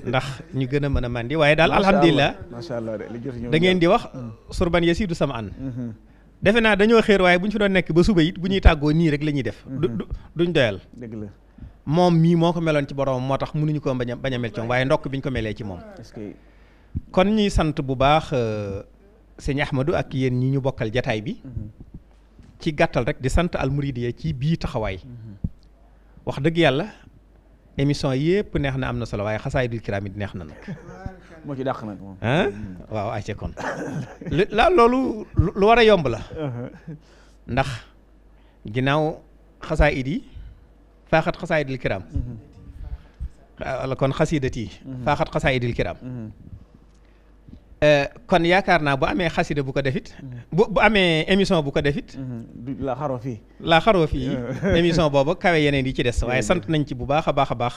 Speaker 1: ndax ñu gën a mën a màndi waaye daal alhamdulilah.
Speaker 2: macha allah da ngeen di wax. Mhm.
Speaker 1: surban yasiidu sama an. Mhm. defe naa dañoo xéer waaye bu ñu fi doon nekk ba suba it bu ñuy tàggoo nii rek la ñuy def. du du duñ doyal. dëgg la. moom mii moo ko meloon ci borom moo tax mënuñu ko bañ a bañ a waaye ndokk bi ñu ko melee ci moom. kon ñuy sant bu baax euh, sëñ Ahmadou ak yéen ñi ñu bokkal jataay bi mm-hmm. ci gàttal rek di sant almuridiya ci bii taxawaay mm-hmm. wax dëgg yàlla émission yépp neex na am na solo waaye xasaa dul kiraam neex na nag moo ci dàq moom ah? mm-hmm. waaw ay kon la loolu lu war a yomb la uh-huh. ndax ginnaaw xasaa it yi faaxat xasaa idil kiraam ah, kon xasiidat faaxat xasaa idil kiraam Euh, kon yaakaar naa bu amee xasida bu ko defit mm-hmm. bu bu amee émission bu ko defit mm-hmm. la xaroo fii la xaroo fii émission boobu kawe yeneen yi ci des waaye sant nañ ci bu baax a baax a baax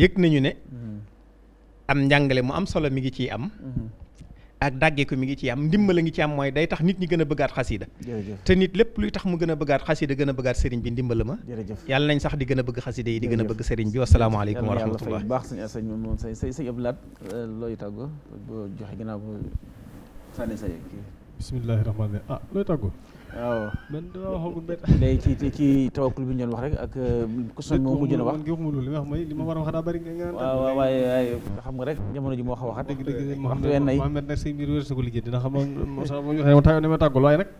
Speaker 1: yëg nañu ne mm-hmm. am njàngale mu am solo mi ngi ciy am ak dàggeeku mi ngi ci am ndimbal a ngi ci am mooy day tax nit ñi gën a bëggaat xasida te nit lépp luy tax mu gën a bëggaat xasida gën a bëggaat sëriñ bi ndimbal ma yàlla nañ sax di gën a bëgg xasida yi di gën a bëgg sëriñ bi wasalaamaaleykum wa rahmatullah
Speaker 2: baax sëñ Assane moom say say sëñ Abdoulaat euh, looy tàggoo ah, looy tàggoo waaw man damaa waxagul benn. léegi ci ci tawakkul bi ñu doon wax rek ak. Euh, question bi ma mujj na wax
Speaker 3: li ma wax mooy li ma war a wax daa bëri nga. waaw
Speaker 2: waaye nga rek jamono ji moo xaw a waxat. dëgg dëgg Mouhamed
Speaker 3: nag say mbir wér sa ko dina xam
Speaker 2: moom sax ma joxe
Speaker 3: ma ma tàggul waaye nag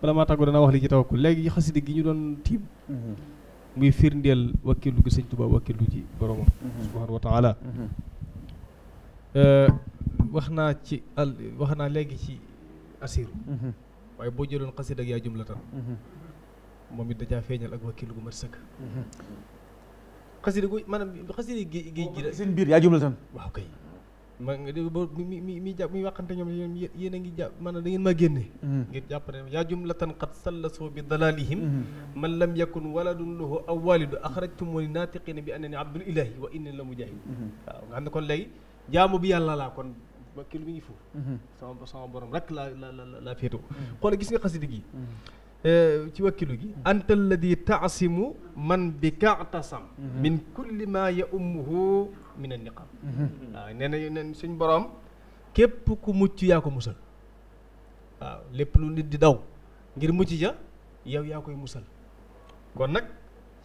Speaker 3: bala maa tàggul danaa wax li ci tawakkul léegi xasida gi ñu doon tiim. Mhm. muy firndeel wakkilu gi sëñ Tuubaa wakkilu ji boromam. Mhm. subhaanahu wa mhm. euh, wax naa ci wax naa léegi ci asiru waaye boo jëloon xasida ak yaa jumlatan mhm. moom it dajaa feeñal ak wakilu gu mat sëkk mhm. xasida gu maanaam xasida géej gi rek seen biir yaa jumlatan waaw kay ma a ngi jàpp maanaam da ngeen maa génne mhm. ngeen jàpp ne yaa jumlatan qad sallasoo bi dalalihim man lam yakun waladun lahu aw walidu axrajtumuni naatiqina bi annani abdul wa inni la mujahid waaw nga xam ne kon léegi jaamu bi yàlla laa kon ba kii lu muy fu sama sama borom rek laa la la laa féetoo mhm. xool gis nga xasida gi mhm. eh, ci wakkilu gi mhm. antal ladi taasimu man bi kaatasam min kulli ma ya ummuhu min a niqam waaw nee na neen suñ borom képp ku mucc yaa ko musal waaw lépp lu nit di daw ngir mucc ja yow yaa koy musal kon nag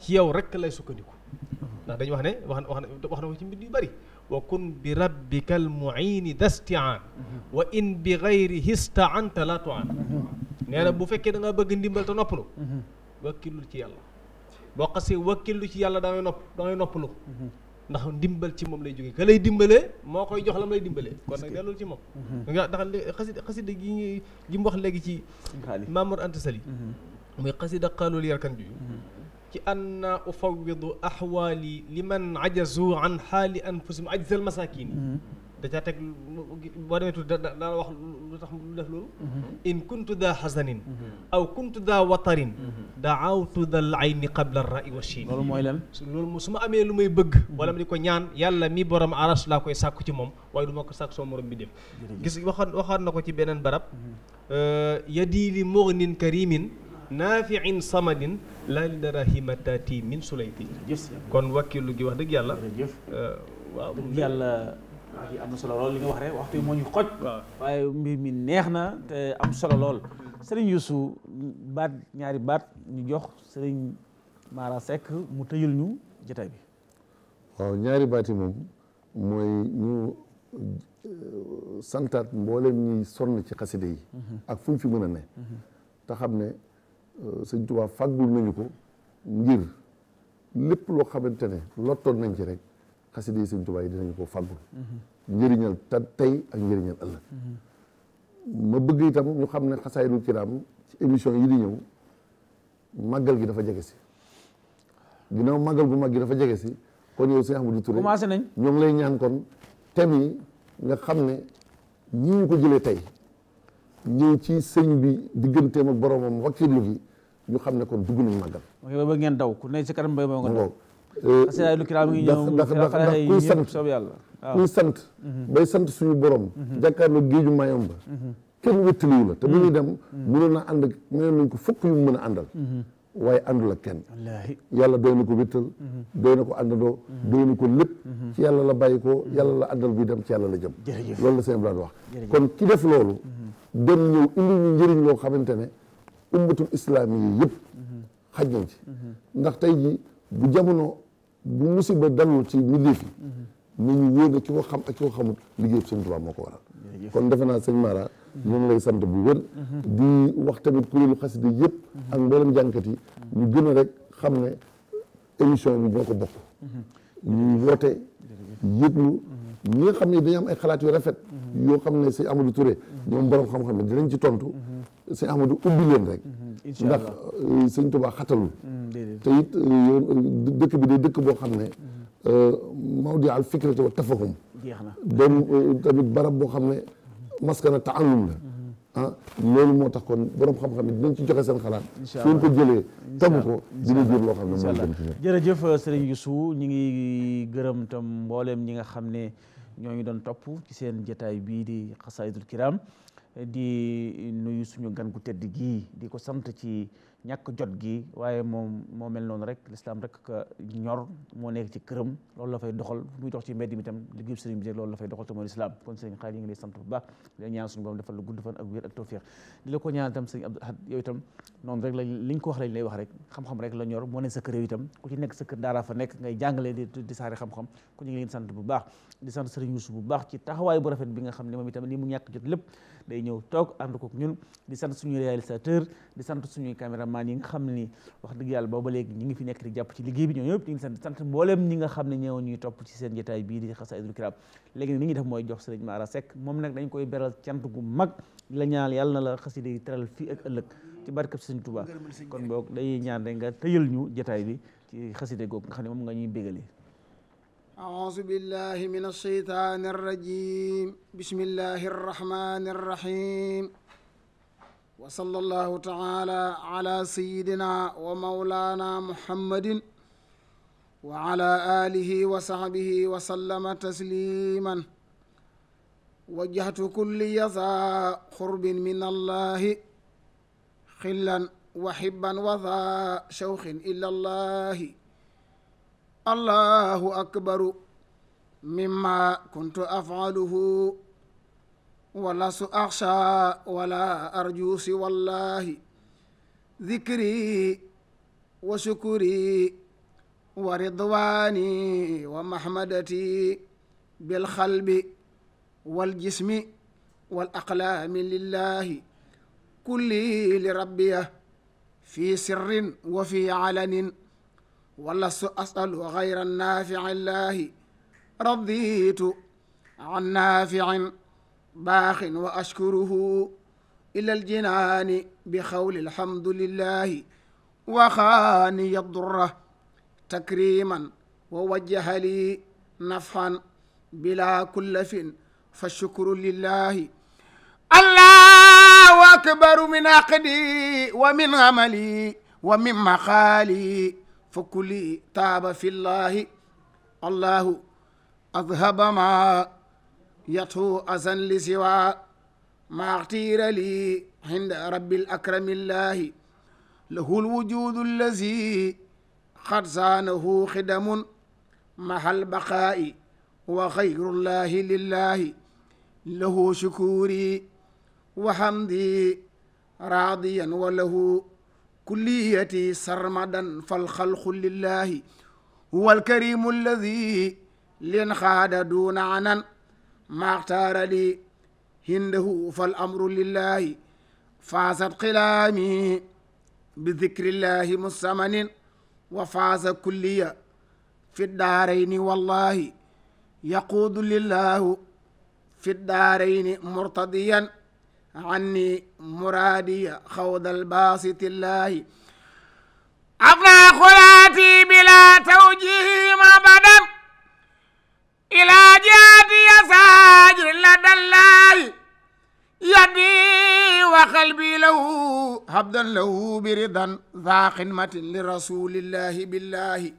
Speaker 3: ci yow rek lay sukkandiku ndax dañu wax ne wax na wax na wax ko ci mbir yu bari wa kun bi rabbika al muini dastiaan wa in bi gayrihi staanta la tuaan nee na bu fekkee da bëgg ndimbal te noppalu wakkilul ci yàlla boo xasee wakkilu ci yàlla da ngay nopp da ngay noppalu ndax ndimbal ci moom lay jógee ka lay dimbalee moo koy jox lam lay dimbalee kon nag dellul ci moom mhm. nga ndax xasida xasida gi gi mu wax léegi ci Mamour Anta Sali mhm. muy xasida xaalul yarkan bi mhm. ci anna ufawidu ahwaali liman ajazu an xaali anfusihim ajzal masaakin mhm. dacaa teg boo demee tuuti wax lu tax lu def loolu mhm. in kuntu daa xasanin mhm. aw kuntu daa watarin daawtu dal ayni qabla rai wa chin mooy lan loolu su ma amee lu may bëgg wala ma di ko ñaan yàlla mi borom aras laa koy sàkku ci moom waaye du ma ko sàkk soo morom bi def gis waxoon waxoon na ko ci beneen barab euh, yadii li mugnin karimin naafiin samadin laa li dara himatati
Speaker 2: min sulayti kon wakkilu gi wax dëgg yàlla eh, waaw dëgg yàlla am solo li wax rek waxtu moo ñu xoj waaye mbir mi neex na te am solo lool sëriñ Youssou baat ñaari baat ñu jox sëriñ Mara sekk mu tëjul ñu jotaay bi
Speaker 6: waaw ñaari baat yi moom mooy ñu eh, santaat mboolem ñi sonn ci xaside yi mhm. ak fu fi mën a ne mhm. te xam ne Euh, sëñ Tuubaa fàggul nañu ko ngir lépp loo xamante ne lottoon nañ ci rek xasida yi sëñ Tuubaa yi dinañu ko fàggul
Speaker 7: mhm.
Speaker 6: njëriñal ta tey ak njëriñal ëllëg
Speaker 7: mhm.
Speaker 6: ma bëgg itam ñu xam ne xasaayidul kiraam ci émission yi di ñëw màggal gi dafa jege si ginnaaw màggal bu mag dafa jege si kon yow sëñ Ahmadou Touré commencé nañ ñoo lay ñaan kon thème nga xam ne ñi ñu ko jëlee tey ñëw ci sëñ bi digganteem ak boromam wakkilu gi ñu xam ne kon dugg nañu màggal.
Speaker 2: ok ba ngeen daw ku ne si kanam mbay moo nga daw. parce que euh, lu kiraam ngi ñëw ndax ndax kuy sant yàlla kuy sant bay
Speaker 6: sant suñu borom mhm. jàkkaarloo géeju maayom ba mhm. kenn wéttaliwu la te bu ñuy mhm. dem mënoon na ànd mënoon nañ ko fukk yu mu a dem
Speaker 7: ci
Speaker 6: yàlla la jëm loolu kon ki def loolu dem ñëw indi ñu njëriñ loo xamante ne ummatul islaam yi yëpp xaj ndax tey ji bu jamono bu musiba dalul ci mbindeef yi ni ñu wóor ne xam ak ki ko xamul liggéey sëñ Tuubaa moo ko waral kon defe naa sëñ Mara ñu ngi lay sant bu wér di wax tamit kuréelu xasida yëpp ak mboolem jànkat yi ñu gën a rek xam ne émission bi ñoo ko bokk ñuy woote yëglu ñi nga xam ne dañu am ay xalaat yu rafet yoo xam ne sëñ Amadou Touré ñoom borom xam-xam ne dinañ ci tontu sëñ Amadou ubbi leen rek.
Speaker 7: Mhm, ndax euh,
Speaker 6: sëñ Tuubaa xatalul.
Speaker 7: Mhm, te it
Speaker 6: euh, euh, dëkk bi day dëkk boo xam ne. Mhm. Maodo al fikrati wa tafahum. jeex na doon tamit barab boo xam ne maskana taallum la. ah loolu moo tax kon boroom xam-xam yi dinañ ci joxe seen xalaat. incha allah ko jëlee tam ko dina jur loo xam ne mooy dem ci
Speaker 2: jërëjëf sëriñ Youssou ñi ngi gërëm tam mbooleem ñi nga xam ne ñoo ñu doon topp ci seen jotaay bii di xasaayidul kiram di nuyu suñu gan gu tedd gii di ko sant ci ñàkk jot gii waaye moom moo mel noonu rek l'islam rek ka ñor moo nekk ci këram loolu la fay doxal muy dox ci mbedd mi tam liggéey bu baax di ñaan suñu borom defal la gudd fan ñaan itam sëriñ Abdou Ahad yow la liñ ko wax lañ lay wax rek xam-xam rek la ñor moo ne sa kër yow itam ku ci nekk sa kër daara fa nekk ngay jàngale di di saare xam-xam kon ñu ngi leen sant bu baax di sant sëriñ Youssou bu baax ci taxawaay bu rafet bi nga xam ne moom itam li mu ñàkk jot day ñëw toog ànd kook ñun di sant suñuy réalisateur di sant suñuy caméraman yi nga xam ni wax dëgg yàlla booba léegi ñi ngi fi nekk di jàpp ci liggéey bi ñoo ñëpp ngi sant sant mboolem ñi nga xam ne ñëwoon ñuy topp ci seen jotaay bi di Xasaidul Kiram léegi ni ñuy def mooy jox ma Mara sekk moom nag dañ koy beral cant gu mag la ñaanal yàlla na la xasida yi teral fii ëllëg ci barkab Sëriñ Tuubaa kon boog dañuy ñaan rek nga tëyal ñu jotaay bi ci xasida googu nga xam ne moom nga ñuy bégalee
Speaker 8: أعوذ بالله من الشيطان الرجيم بسم الله الرحمن الرحيم وصلى الله تعالى على سيدنا ومولانا محمد وعلى آله وصحبه وسلم تسليما وجهت كل يذا قرب من الله خلا وحبا وذا شوخ إلا الله allahu akbaru mimma kuntu afaaluhu wala su axsha wala arju si wallahi dikri wa shukuri wa ridwani wa mahmadati bilxalbi waljismi walaqlaami lillahi kulli li rabbiya fi sirrin wa fi alanin ولست أسأل غير النافع الله رضيت عن نافع باخ وأشكره إلى الجنان بخول الحمد لله وخاني الضرة تكريما ووجه لي نفعا بلا كلف فالشكر لله الله أكبر من عقدي ومن عملي ومن مقالي fa kuli taaba fi llaahi allahu adhaba ma yatu asan li siwa maaxtiira li inda rabbil akrami llaahi lahu lwujudu allazi xad saanahu xidamun mahal baqaa'i wa xayru llaahi lillaahi lahu shukuuri wa hamdi raadiyan wa lahu kulliyati sarmadan fal xalqu lillahi huwa alkarimu alladi lin xaada duuna anan maxtaara li hindahu fal amru lillahi faasat xilaami bi dikrillahi mustamanin wa faasa kulliya fi daarayni wallahi yaquudu lillahu fi daarayni murtadiyan عني مرادي خوض الباسط الله أفنى خلاتي بلا توجيه ما بدم إلى جهتي ساجر لدى الله يدي وقلبي له هبدا له برضا ذا خدمة لرسول الله بالله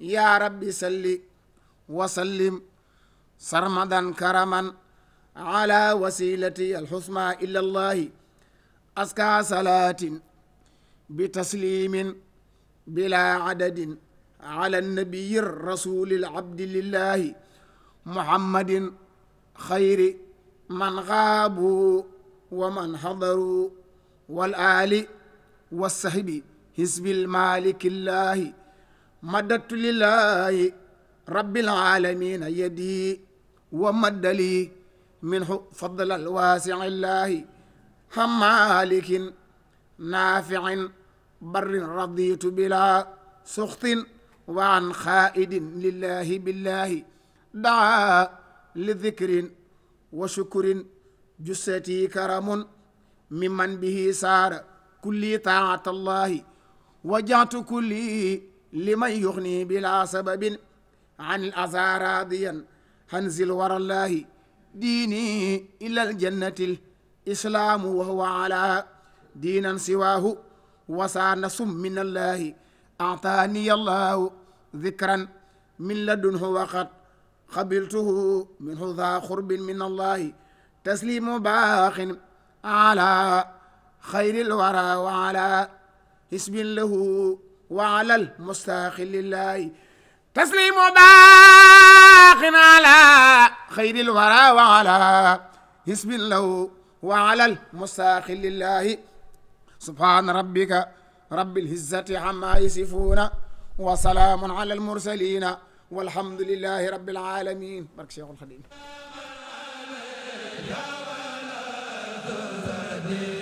Speaker 8: يا رب سل وسلم سرمدا كرما ala wasilati alxusma ila allahi aska salaatin bi taslimin bila adadin ala nabiyi rasuli alabdi lillahi muhammadin xayri man xaabu wa man xadaru wal aali wa sahbi hisbil malikillahi madattu lillahi rabbil alamina yadi wa maddali minhu fadlal waasiillaahi xamaalikin naaficin barrin raditu bila suxtin wa an xaaidin lillahi billahi daa li dikrin wa shukurin jussati karamun mimman bihi saara kulli taata allahi wajatu kulli liman yuxni bila sababin an al azaa raadiyan hanzil warallahi diini ila aljannati l islaamu wa huwa ala diinan siwaahu wasaa nasum min allahi ataaniya allahu dikran min ladunhu waqad xabiltuhu minhu daa xurbin min allahi taslimu baaxin ala xayril wara wa ala hisbin lahu wa ala almustaaqi lillahi تسليم باق على خير الورى وعلى حسب الله وعلى المساخ لله سبحان ربك رب العزة عما يصفون وسلام على المرسلين والحمد لله رب العالمين بارك شيخ الخليل